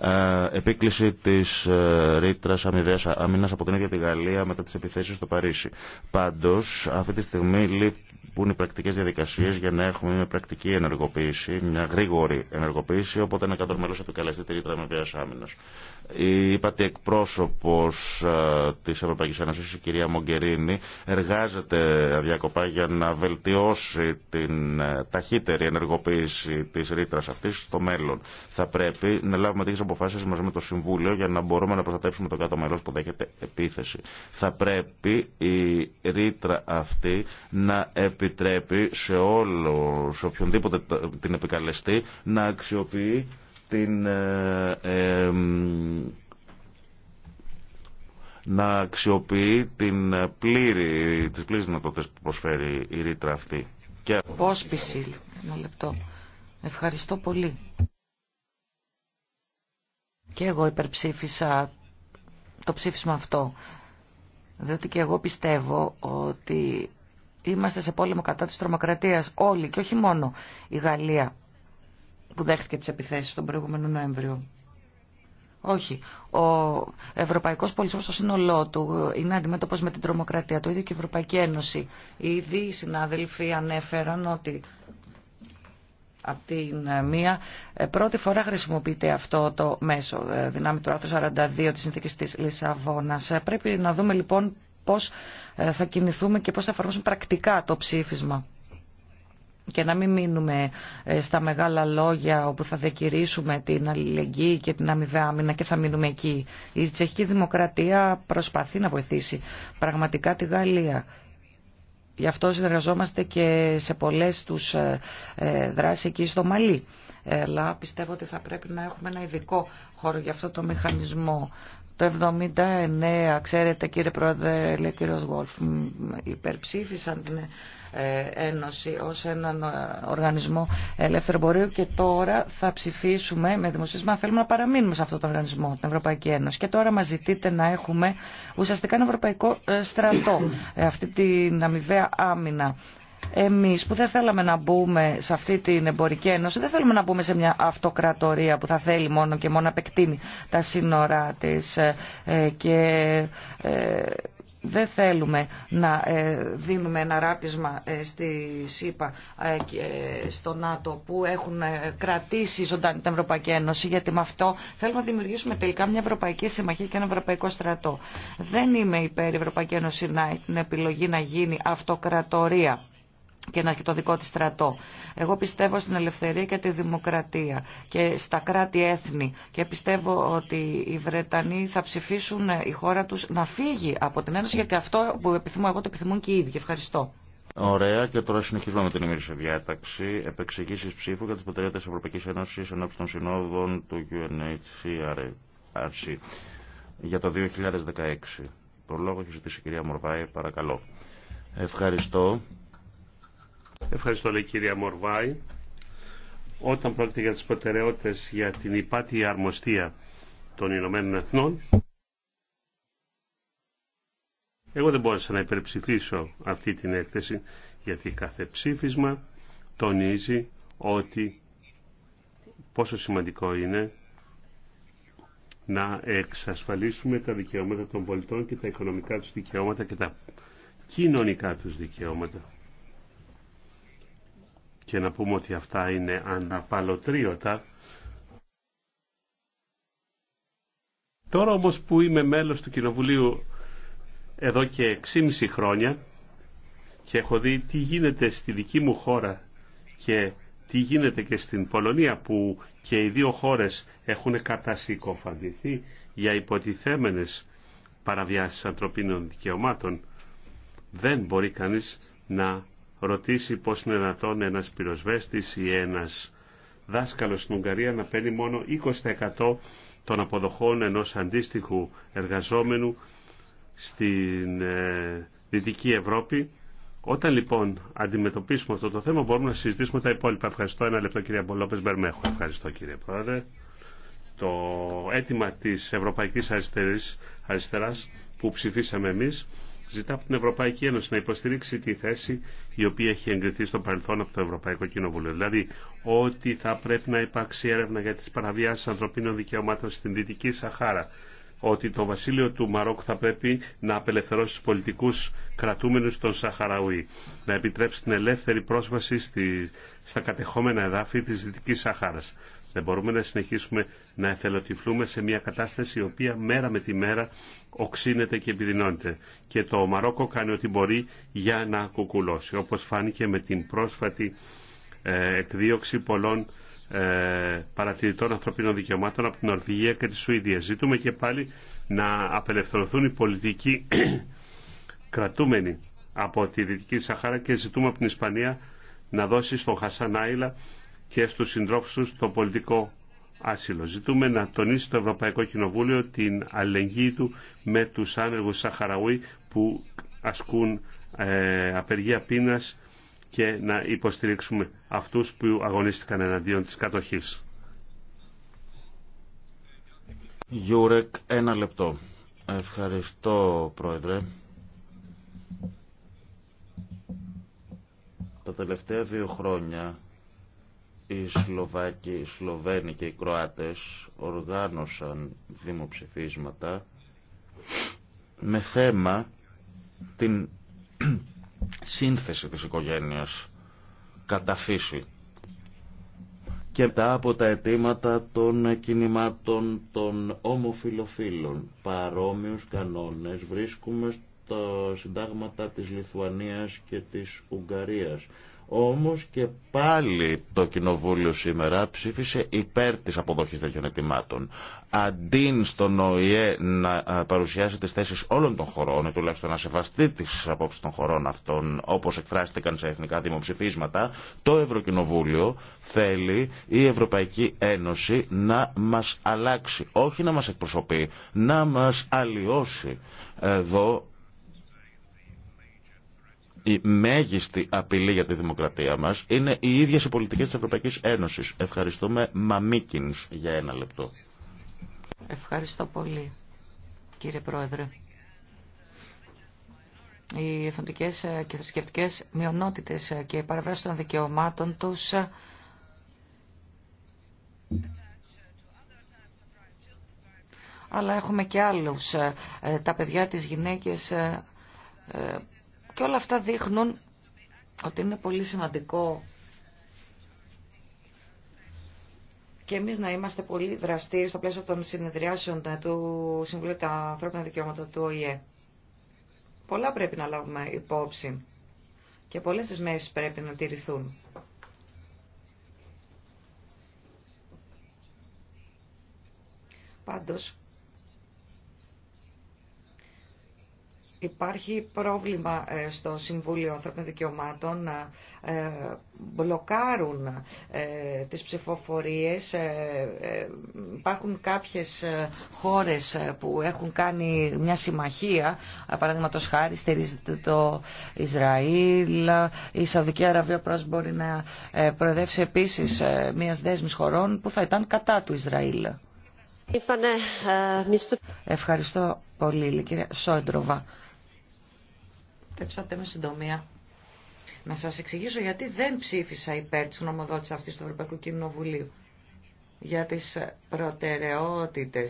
ε, επίκληση τη ε, ρήτρα αμοιβαία άμυνα από την ίδια τη Γαλλία μετά τι επιθέσει στο Παρίσι. Πάντω, αυτή τη στιγμή λείπουν οι πρακτικέ διαδικασίε για να έχουμε μια πρακτική ενεργοποίηση, μια γρήγορη ενεργοποίηση, οπότε να κάτω το επικαλεστεί τη ρήτρα αμοιβαία άμυνα. Η είπατε εκπρόσωπος ε, της Ευρωπαϊκής Ένωσης, η κυρία Μογκερίνη, εργάζεται αδιάκοπα για να βελτιώσει την ε, ταχύτερη ενεργοποίηση της ρήτρα αυτής στο μέλλον. Θα πρέπει να λάβουμε τέτοιες αποφάσεις μαζί με το Συμβούλιο για να μπορούμε να προστατεύσουμε το κάτω μέλος που δέχεται επίθεση. Θα πρέπει η ρήτρα αυτή να επιτρέπει σε όλο, σε οποιονδήποτε την επικαλεστεί, να αξιοποιεί στην ε, να αξιοποιεί την πλήρη, τις πλήρες δυνατότητες που προσφέρει η ρήτρα αυτή. Και... Λοιπόν, ένα λεπτό. Ευχαριστώ πολύ. Και εγώ υπερψήφισα το ψήφισμα αυτό, διότι και εγώ πιστεύω ότι είμαστε σε πόλεμο κατά της τρομοκρατίας όλοι και όχι μόνο η Γαλλία που δέχτηκε τις επιθέσεις τον προηγούμενο Νοέμβριο. Όχι. Ο ευρωπαϊκός πολιτισμός στο σύνολό του είναι αντιμέτωπος με την τρομοκρατία. Το ίδιο και η Ευρωπαϊκή Ένωση. Ήδη οι συνάδελφοι ανέφεραν ότι από την ε, μία ε, πρώτη φορά χρησιμοποιείται αυτό το μέσο ε, δυνάμει του άρθρου 42 της συνθήκης της Λισαβόνας. Πρέπει να δούμε λοιπόν πώς θα κινηθούμε και πώς θα εφαρμόσουμε πρακτικά το ψήφισμα και να μην μείνουμε ε, στα μεγάλα λόγια όπου θα δεκηρύσουμε την αλληλεγγύη και την αμοιβαία άμυνα και θα μείνουμε εκεί. Η τσεχική δημοκρατία προσπαθεί να βοηθήσει πραγματικά τη Γαλλία. Γι' αυτό συνεργαζόμαστε και σε πολλές τους ε, ε, δράσεις εκεί στο Μαλί. Αλλά πιστεύω ότι θα πρέπει να έχουμε ένα ειδικό χώρο για αυτό το μηχανισμό. Το 79, ξέρετε κύριε Πρόεδρε, λέει ο κύριος Γόλφ, υπερψήφισαν την ε, Ένωση ως έναν ε, οργανισμό ελεύθερου εμπορίου και τώρα θα ψηφίσουμε με δημοσίευμα θέλουμε να παραμείνουμε σε αυτόν τον οργανισμό, την Ευρωπαϊκή Ένωση. Και τώρα μας ζητείτε να έχουμε ουσιαστικά ένα ευρωπαϊκό ε, στρατό, αυτή την αμοιβαία άμυνα εμείς που δεν θέλαμε να μπούμε σε αυτή την εμπορική ένωση, δεν θέλουμε να μπούμε σε μια αυτοκρατορία που θα θέλει μόνο και μόνο να επεκτείνει τα σύνορά της ε, και ε, δεν θέλουμε να ε, δίνουμε ένα ράπισμα στη ΣΥΠΑ και στο ΝΑΤΟ που έχουν κρατήσει ζωντανή την Ευρωπαϊκή Ένωση γιατί με αυτό θέλουμε να δημιουργήσουμε τελικά μια Ευρωπαϊκή Συμμαχία και ένα Ευρωπαϊκό στρατό. Δεν είμαι υπέρ η Ευρωπαϊκή Ένωση να την επιλογή να γίνει αυτοκρατορία και να έχει το δικό της στρατό. Εγώ πιστεύω στην ελευθερία και τη δημοκρατία και στα κράτη-έθνη και πιστεύω ότι οι Βρετανοί θα ψηφίσουν ε, η χώρα τους να φύγει από την Ένωση γιατί αυτό που επιθυμώ εγώ το επιθυμούν και οι ίδιοι. Ευχαριστώ. Ωραία, και τώρα συνεχίζουμε με την ημερήσια διάταξη. Επεξηγήσει ψήφου για τι προτεραιότητε τη Ευρωπαϊκή Ένωση ενώπιση των συνόδων του UNHCRC για το 2016. Το λόγο έχει ζητήσει η κυρία Μορβάη, παρακαλώ. Ευχαριστώ. Ευχαριστώ, λέει κυρία Μορβάη. Όταν πρόκειται για τις προτεραιότητες για την υπάτη αρμοστία των Ηνωμένων Εθνών, εγώ δεν μπόρεσα να υπερψηφίσω αυτή την έκθεση, γιατί κάθε ψήφισμα τονίζει ότι πόσο σημαντικό είναι να εξασφαλίσουμε τα δικαιώματα των πολιτών και τα οικονομικά τους δικαιώματα και τα κοινωνικά τους δικαιώματα και να πούμε ότι αυτά είναι αναπαλωτρίωτα. Τώρα όμως που είμαι μέλος του Κοινοβουλίου εδώ και 6,5 χρόνια και έχω δει τι γίνεται στη δική μου χώρα και τι γίνεται και στην Πολωνία που και οι δύο χώρες έχουν κατασυκοφαντηθεί για υποτιθέμενες παραβιάσεις ανθρωπίνων δικαιωμάτων δεν μπορεί κανείς να ρωτήσει πώς είναι δυνατόν ένας πυροσβέστης ή ένας δάσκαλος στην Ουγγαρία να παίρνει μόνο 20% των αποδοχών ενός αντίστοιχου εργαζόμενου στην ε, Δυτική Ευρώπη. Όταν λοιπόν αντιμετωπίσουμε αυτό το θέμα μπορούμε να συζητήσουμε τα υπόλοιπα. Ευχαριστώ ένα λεπτό κύριε Μπολόπες Μπερμέχου. Ευχαριστώ κύριε Πρόεδρε. Το αίτημα της Ευρωπαϊκής Αριστεράς που ψηφίσαμε εμείς ζητά από την Ευρωπαϊκή Ένωση να υποστηρίξει τη θέση η οποία έχει εγκριθεί στο παρελθόν από το Ευρωπαϊκό Κοινοβούλιο. Δηλαδή ότι θα πρέπει να υπάρξει έρευνα για τις παραβιάσεις ανθρωπίνων δικαιωμάτων στην Δυτική Σαχάρα. Ότι το βασίλειο του Μαρόκου θα πρέπει να απελευθερώσει τους πολιτικούς κρατούμενους των Σαχαραούι. Να επιτρέψει την ελεύθερη πρόσβαση στη, στα κατεχόμενα εδάφη της Δυτικής Σαχάρας. Δεν μπορούμε να συνεχίσουμε να εθελοτυφλούμε σε μια κατάσταση η οποία μέρα με τη μέρα οξύνεται και επιδεινώνεται. Και το Μαρόκο κάνει ό,τι μπορεί για να κουκουλώσει. Όπως φάνηκε με την πρόσφατη ε, εκδίωξη πολλών ε, παρατηρητών ανθρωπίνων δικαιωμάτων από την Ορβηγία και τη Σουηδία. Ζητούμε και πάλι να απελευθερωθούν οι πολιτικοί κρατούμενοι από τη Δυτική Σαχάρα και ζητούμε από την Ισπανία να δώσει στον Χασάν και στους συντρόφους τους το πολιτικό άσυλο. Ζητούμε να τονίσει το Ευρωπαϊκό Κοινοβούλιο την αλληλεγγύη του με τους άνεργους Σαχαραούι που ασκούν ε, απεργία πείνας και να υποστηρίξουμε αυτούς που αγωνίστηκαν εναντίον της κατοχής. Γιούρεκ, ένα λεπτό. Ευχαριστώ, Πρόεδρε. Τα τελευταία δύο χρόνια οι Σλοβάκοι, οι Σλοβαίνοι και οι Κροάτες οργάνωσαν δημοψηφίσματα με θέμα την σύνθεση της οικογένειας κατά φύση και μετά από τα αιτήματα των κινημάτων των ομοφιλοφίλων παρόμοιους κανόνες βρίσκουμε στα συντάγματα της Λιθουανίας και της Ουγγαρίας όμως και πάλι το Κοινοβούλιο σήμερα ψήφισε υπέρ της αποδοχής τέτοιων ετοιμάτων. Αντί στον ΟΗΕ να παρουσιάσει τις θέσεις όλων των χωρών, ή τουλάχιστον να σεβαστεί τις απόψεις των χωρών αυτών, όπως εκφράστηκαν σε εθνικά δημοψηφίσματα, το Ευρωκοινοβούλιο θέλει Ευρωπαϊκή Ένωση να μας αλλάξει, όχι να μας εκπροσωπεί, να μας αλλοιώσει. Εδώ η μέγιστη απειλή για τη δημοκρατία μας είναι οι ίδιε οι πολιτικέ τη Ευρωπαϊκή Ένωση. Ευχαριστούμε Μαμίκινς για ένα λεπτό. Ευχαριστώ πολύ κύριε Πρόεδρε. Οι εθνικές και θρησκευτικέ μειονότητε και παραβράστων των δικαιωμάτων τους αλλά έχουμε και άλλους, ε, τα παιδιά, τις γυναίκες, ε, και όλα αυτά δείχνουν ότι είναι πολύ σημαντικό και εμείς να είμαστε πολύ δραστήριοι στο πλαίσιο των συνεδριάσεων του Συμβουλίου τα Ανθρώπινα Δικαιώματα του ΟΗΕ. Πολλά πρέπει να λάβουμε υπόψη και πολλές τις μέσεις πρέπει να τηρηθούν. Πάντως, Υπάρχει πρόβλημα ε, στο Συμβούλιο Ανθρώπινων Δικαιωμάτων να ε, μπλοκάρουν ε, τις ψηφοφορίες. Υπάρχουν κάποιες χώρες που έχουν κάνει μια συμμαχία, παραδείγματο χάρη στηρίζεται το Ισραήλ, η Σαουδική Αραβία μπορεί να προεδρεύσει επίσης μιας δέσμης χωρών που θα ήταν κατά του Ισραήλ. Ευχαριστώ πολύ, κύριε Σόντροβα. Τέψατε με συντομία. Να σα εξηγήσω γιατί δεν ψήφισα υπέρ τη γνωμοδότηση αυτή του Ευρωπαϊκού Κοινοβουλίου για τι προτεραιότητε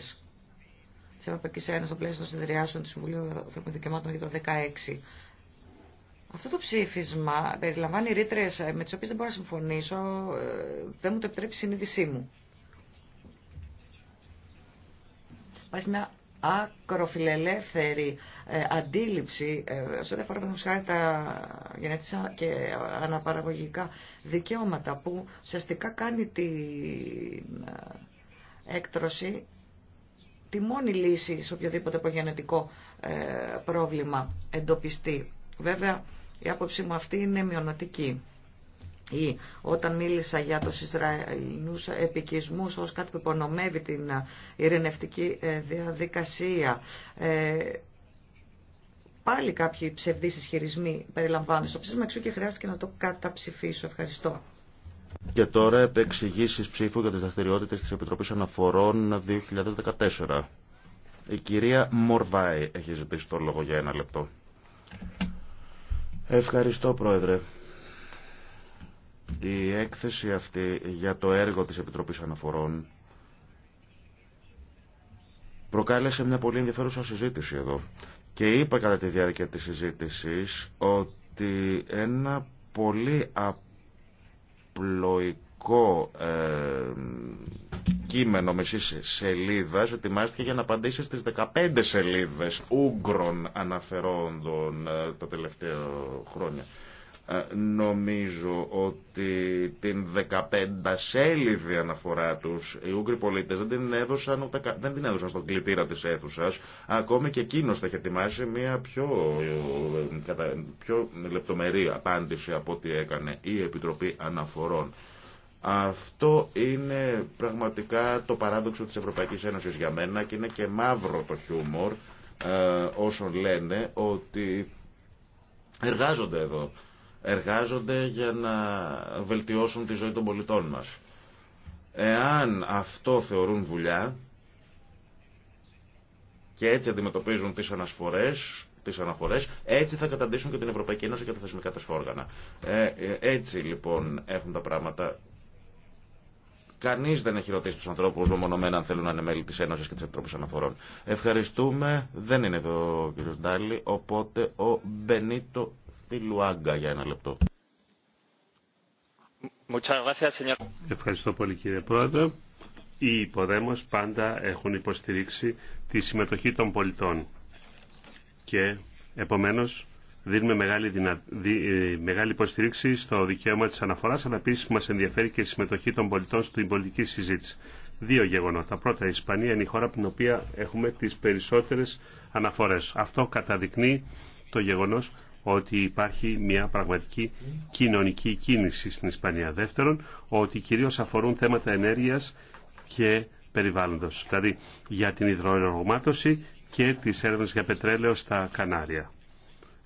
τη Ευρωπαϊκή Ένωση στο πλαίσιο των συνεδριάσεων του Συμβουλίου Ανθρωπίνων Δικαιωμάτων για το 2016. Αυτό το ψήφισμα περιλαμβάνει ρήτρε με τι οποίε δεν μπορώ να συμφωνήσω, ε, δεν μου το επιτρέπει η συνείδησή μου. Υπάρχει μια ακροφιλελεύθερη ε, αντίληψη ε, σε ό,τι αφορά τα γενετικά και αναπαραγωγικά δικαιώματα που ουσιαστικά κάνει την ε, έκτρωση τη μόνη λύση σε οποιοδήποτε προγενετικό πρόβλημα εντοπιστεί. Βέβαια η άποψή μου αυτή είναι μειονοτική ή όταν μίλησα για τους Ισραηλινούς επικισμούς ως κάτι που υπονομεύει την ειρηνευτική ε, διαδικασία. Ε, πάλι κάποιοι ψευδείς ισχυρισμοί περιλαμβάνονται στο ψήφισμα, εξού και χρειάστηκε να το καταψηφίσω. Ευχαριστώ. Και τώρα επεξηγήσει ψήφου για τι δραστηριότητε τη Επιτροπή Αναφορών 2014. Η κυρία Μορβάη έχει ζητήσει το λόγο για ένα λεπτό. Ευχαριστώ, Πρόεδρε. Η έκθεση αυτή για το έργο της Επιτροπής Αναφορών προκάλεσε μια πολύ ενδιαφέρουσα συζήτηση εδώ. Και είπα κατά τη διάρκεια της συζήτησης ότι ένα πολύ απλοϊκό ε, κείμενο μεσής σελίδας ετοιμάστηκε για να απαντήσει στις 15 σελίδες Ούγκρων αναφερόντων ε, τα τελευταία χρόνια. Ε, νομίζω ότι την 15 σέλιδη αναφορά τους οι Ούγγροι πολίτες δεν την έδωσαν, δεν την έδωσαν στον κλητήρα της αίθουσα. ακόμη και εκείνο θα έχει ετοιμάσει μια πιο, ε, πιο λεπτομερή απάντηση από ό,τι έκανε η Επιτροπή Αναφορών. Αυτό είναι πραγματικά το παράδοξο της Ευρωπαϊκής Ένωσης για μένα και είναι και μαύρο το χιούμορ ε, όσων λένε ότι εργάζονται εδώ Εργάζονται για να βελτιώσουν τη ζωή των πολιτών μας. Εάν αυτό θεωρούν δουλειά και έτσι αντιμετωπίζουν τις ανασφορές, τις αναφορές, έτσι θα καταντήσουν και την Ευρωπαϊκή Ένωση και τα θεσμικά της όργανα. Ε, ε, έτσι λοιπόν έχουν τα πράγματα. Κανείς δεν έχει ρωτήσει τους ανθρώπους μονομένα αν θέλουν να είναι μέλη τη Ένωσης και τη Επιτροπής Αναφορών. Ευχαριστούμε. Δεν είναι εδώ ο κ. Ντάλι, οπότε ο Μπενίτο Λουάγκα για ένα λεπτό. Ευχαριστώ πολύ κύριε Πρόεδρε. Οι υποδέμος πάντα έχουν υποστηρίξει τη συμμετοχή των πολιτών και επομένως δίνουμε μεγάλη, δυνα... Ε, μεγάλη υποστηρίξη στο δικαίωμα της αναφοράς αλλά επίση μας ενδιαφέρει και η συμμετοχή των πολιτών στην πολιτική συζήτηση. Δύο γεγονότα. Πρώτα, η Ισπανία είναι η χώρα από την οποία έχουμε τις περισσότερες αναφορές. Αυτό καταδεικνύει το γεγονός ότι υπάρχει μια πραγματική κοινωνική κίνηση στην Ισπανία. Δεύτερον, ότι κυρίως αφορούν θέματα ενέργειας και περιβάλλοντος, δηλαδή για την υδροενεργομάτωση και τις έρευνες για πετρέλαιο στα Κανάρια.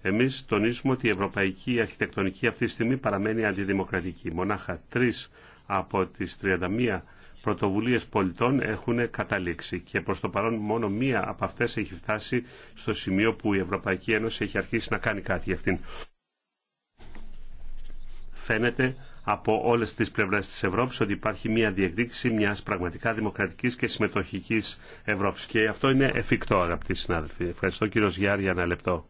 Εμείς τονίζουμε ότι η ευρωπαϊκή αρχιτεκτονική αυτή τη στιγμή παραμένει αντιδημοκρατική. Μονάχα τρεις από τις 31 Πρωτοβουλίε πολιτών έχουν καταλήξει και προ το παρόν μόνο μία από αυτέ έχει φτάσει στο σημείο που η Ευρωπαϊκή Ένωση έχει αρχίσει να κάνει κάτι για αυτήν. Φαίνεται από όλε τι πλευρές τη Ευρώπη ότι υπάρχει μια διεκδίκηση μια πραγματικά δημοκρατική και συμμετοχικής Ευρώπη. Και αυτό είναι εφικτό αγαπητοί συνάδελφοι. Ευχαριστώ κύριο Γιάρη για ένα λεπτό.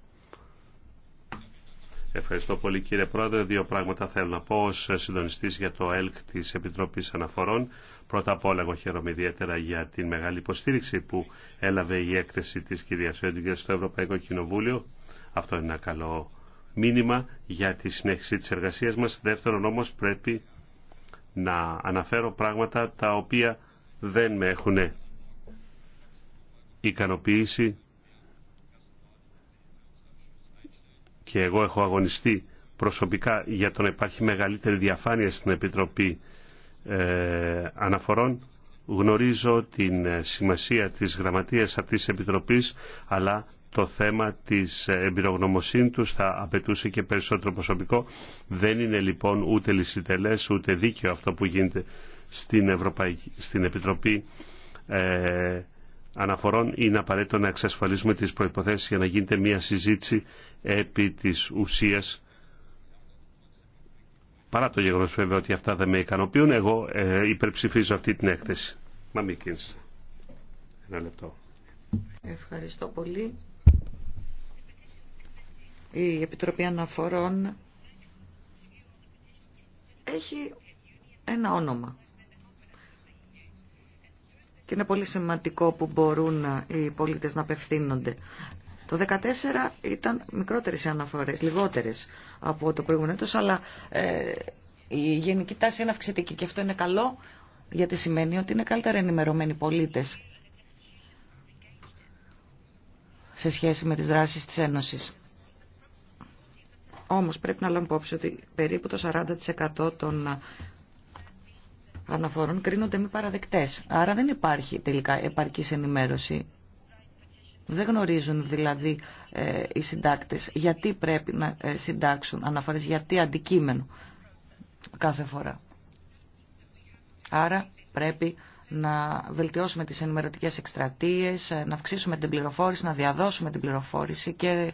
Ευχαριστώ πολύ κύριε Πρόεδρε. Δύο πράγματα θέλω να πω ως συντονιστής για το ΕΛΚ της Επιτροπής Αναφορών. Πρώτα απ' όλα εγώ χαίρομαι ιδιαίτερα για την μεγάλη υποστήριξη που έλαβε η έκθεση της κυρία Φέντουγκερ στο Ευρωπαϊκό Κοινοβούλιο. Αυτό είναι ένα καλό μήνυμα για τη συνέχιση τη εργασία μας. Δεύτερον όμω πρέπει να αναφέρω πράγματα τα οποία δεν με έχουν ικανοποιήσει και εγώ έχω αγωνιστεί προσωπικά για το να υπάρχει μεγαλύτερη διαφάνεια στην Επιτροπή ε, αναφορών γνωρίζω την ε, σημασία της γραμματείας αυτής της Επιτροπής, αλλά το θέμα της ε, εμπειρογνωμοσύνη τους θα απαιτούσε και περισσότερο προσωπικό. Δεν είναι λοιπόν ούτε λυσιτελές ούτε δίκαιο αυτό που γίνεται στην, Ευρωπαϊκή, στην Επιτροπή Αναφορών. Είναι απαραίτητο να εξασφαλίσουμε τις προϋποθέσεις για να γίνεται μια συζήτηση επί της ουσίας Παρά το γεγονό βέβαια ότι αυτά δεν με ικανοποιούν, εγώ ε, υπερψηφίζω αυτή την έκθεση. Μα μη Ένα λεπτό. Ευχαριστώ πολύ. Η Επιτροπή Αναφορών έχει ένα όνομα. Και είναι πολύ σημαντικό που μπορούν οι πολίτες να απευθύνονται το 2014 ήταν μικρότερες οι αναφορές, λιγότερες από το προηγούμενο έτος, αλλά ε, η γενική τάση είναι αυξητική και αυτό είναι καλό γιατί σημαίνει ότι είναι καλύτερα ενημερωμένοι πολίτες σε σχέση με τις δράσεις της Ένωσης. Όμως πρέπει να λάβουμε υπόψη ότι περίπου το 40% των αναφορών κρίνονται μη παραδεκτές. Άρα δεν υπάρχει τελικά επαρκής ενημέρωση δεν γνωρίζουν δηλαδή ε, οι συντάκτες γιατί πρέπει να ε, συντάξουν αναφορές, γιατί αντικείμενο κάθε φορά. Άρα πρέπει να βελτιώσουμε τις ενημερωτικές εκστρατείες, ε, να αυξήσουμε την πληροφόρηση, να διαδώσουμε την πληροφόρηση και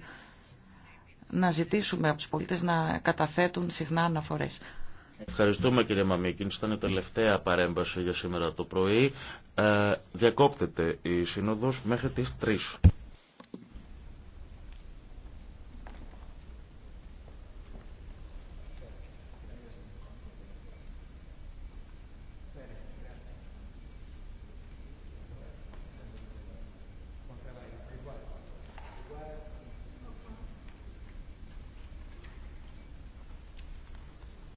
να ζητήσουμε από τους πολίτες να καταθέτουν συχνά αναφορές. Ευχαριστούμε κύριε Μαμίκιν. Ήταν η τελευταία παρέμβαση για σήμερα το πρωί. Ε, διακόπτεται η σύνοδος μέχρι τις 3.